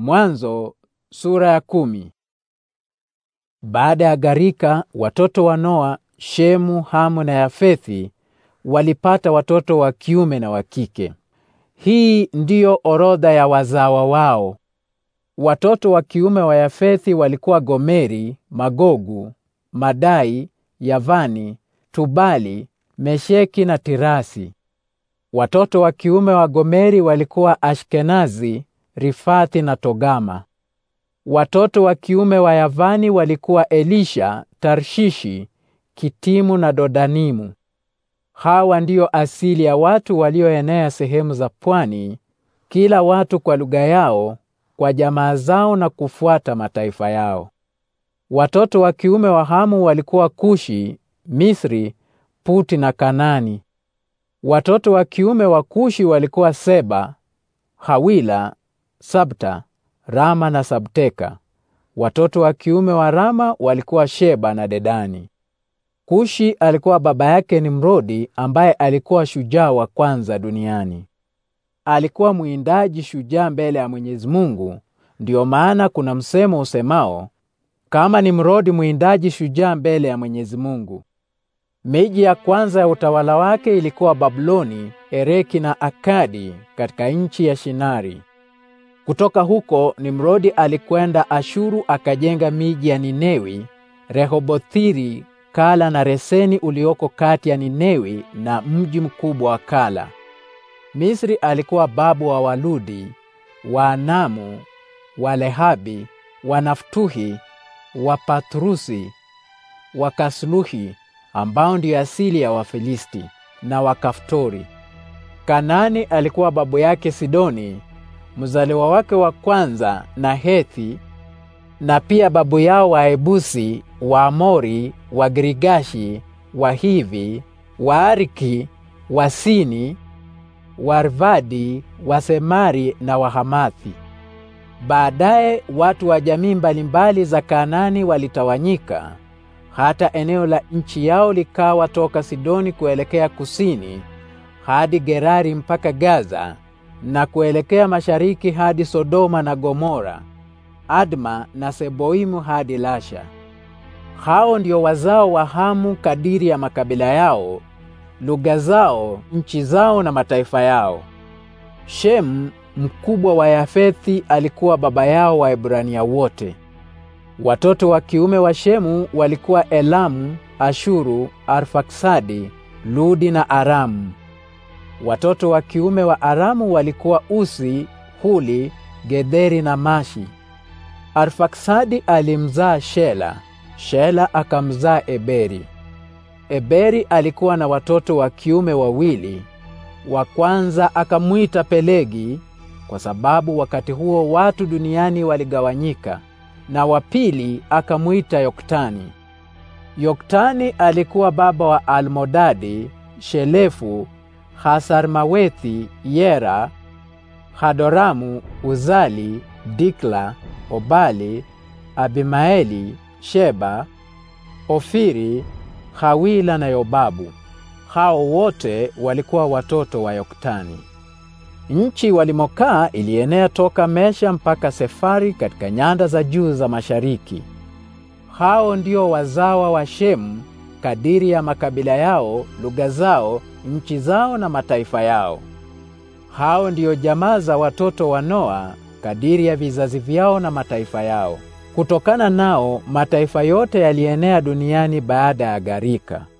Mwanzo sura ya kumi. Baada ya gharika, watoto wa Noa, Shemu, Hamu na Yafethi walipata watoto wa kiume na wa kike. Hii ndiyo orodha ya wazawa wao. Watoto wa kiume wa Yafethi walikuwa Gomeri, Magogu, Madai, Yavani, Tubali, Mesheki na Tirasi. Watoto wa kiume wa Gomeri walikuwa Ashkenazi, Rifathi na Togama. Watoto wa kiume wa Yavani walikuwa Elisha, Tarshishi, Kitimu na Dodanimu. Hawa ndiyo asili ya watu walioenea sehemu za pwani, kila watu kwa lugha yao, kwa jamaa zao na kufuata mataifa yao. Watoto wa kiume wa Hamu walikuwa Kushi, Misri, Puti na Kanani. Watoto wa kiume wa Kushi walikuwa Seba, Hawila Sabta, Rama na Sabteka. Watoto wa kiume wa Rama walikuwa Sheba na Dedani. Kushi alikuwa baba yake ni Mrodi ambaye alikuwa shujaa wa kwanza duniani. Alikuwa mwindaji shujaa mbele ya Mwenyezi Mungu. Ndiyo maana kuna msemo usemao kama ni Mrodi mwindaji shujaa mbele ya Mwenyezi Mungu. Miji ya kwanza ya utawala wake ilikuwa babuloni Ereki na Akadi katika nchi ya Shinari. Kutoka huko Nimrodi alikwenda Ashuru akajenga miji ya Ninewi, Rehobothiri, Kala na Reseni ulioko kati ya Ninewi na mji mkubwa wa Kala. Misri alikuwa babu wa Waludi, Waanamu, Walehabi, Wanaftuhi, Wapatrusi, Wakasluhi ambao ndiyo asili ya Wafilisti na Wakaftori. Kanani alikuwa babu yake Sidoni mzaliwa wake wa kwanza na Hethi, na pia babu yao Waebusi, Ariki, Wagirigashi, Wahivi, Waariki, Wasini, wa Wasemari na Wahamathi. Baadaye watu wa jamii mbalimbali za Kanaani walitawanyika hata eneo la nchi yao likawa toka Sidoni kuelekea kusini hadi Gerari mpaka Gaza na kuelekea mashariki hadi Sodoma na Gomora, Adma na Seboimu hadi Lasha. Hao ndio wazao wa Hamu kadiri ya makabila yao, lugha zao, nchi zao na mataifa yao. Shemu mkubwa wa Yafethi alikuwa baba yao wa Ebrania wote. Watoto wa kiume wa Shemu walikuwa Elamu, Ashuru, Arfaksadi, Ludi na Aramu. Watoto wa kiume wa Aramu walikuwa Usi, Huli, Gederi na Mashi. Arfaksadi alimzaa Shela. Shela akamzaa Eberi. Eberi alikuwa na watoto wa kiume wawili. Wa kwanza akamwita Pelegi kwa sababu wakati huo watu duniani waligawanyika, na wa pili akamwita Yoktani. Yoktani alikuwa baba wa Almodadi, Shelefu Hasarmawethi, Yera, Hadoramu, Uzali, Dikla, Obali, Abimaeli, Sheba, Ofiri, Hawila na Yobabu. Hao wote walikuwa watoto wa Yoktani. Nchi walimokaa ilienea toka Mesha mpaka Sefari katika nyanda za juu za mashariki. Hao ndio wazawa wa Shemu kadiri ya makabila yao, lugha zao nchi zao na mataifa yao. Hao ndiyo jamaa za watoto wa Noa kadiri ya vizazi vyao na mataifa yao. Kutokana nao mataifa yote yalienea duniani baada ya gharika.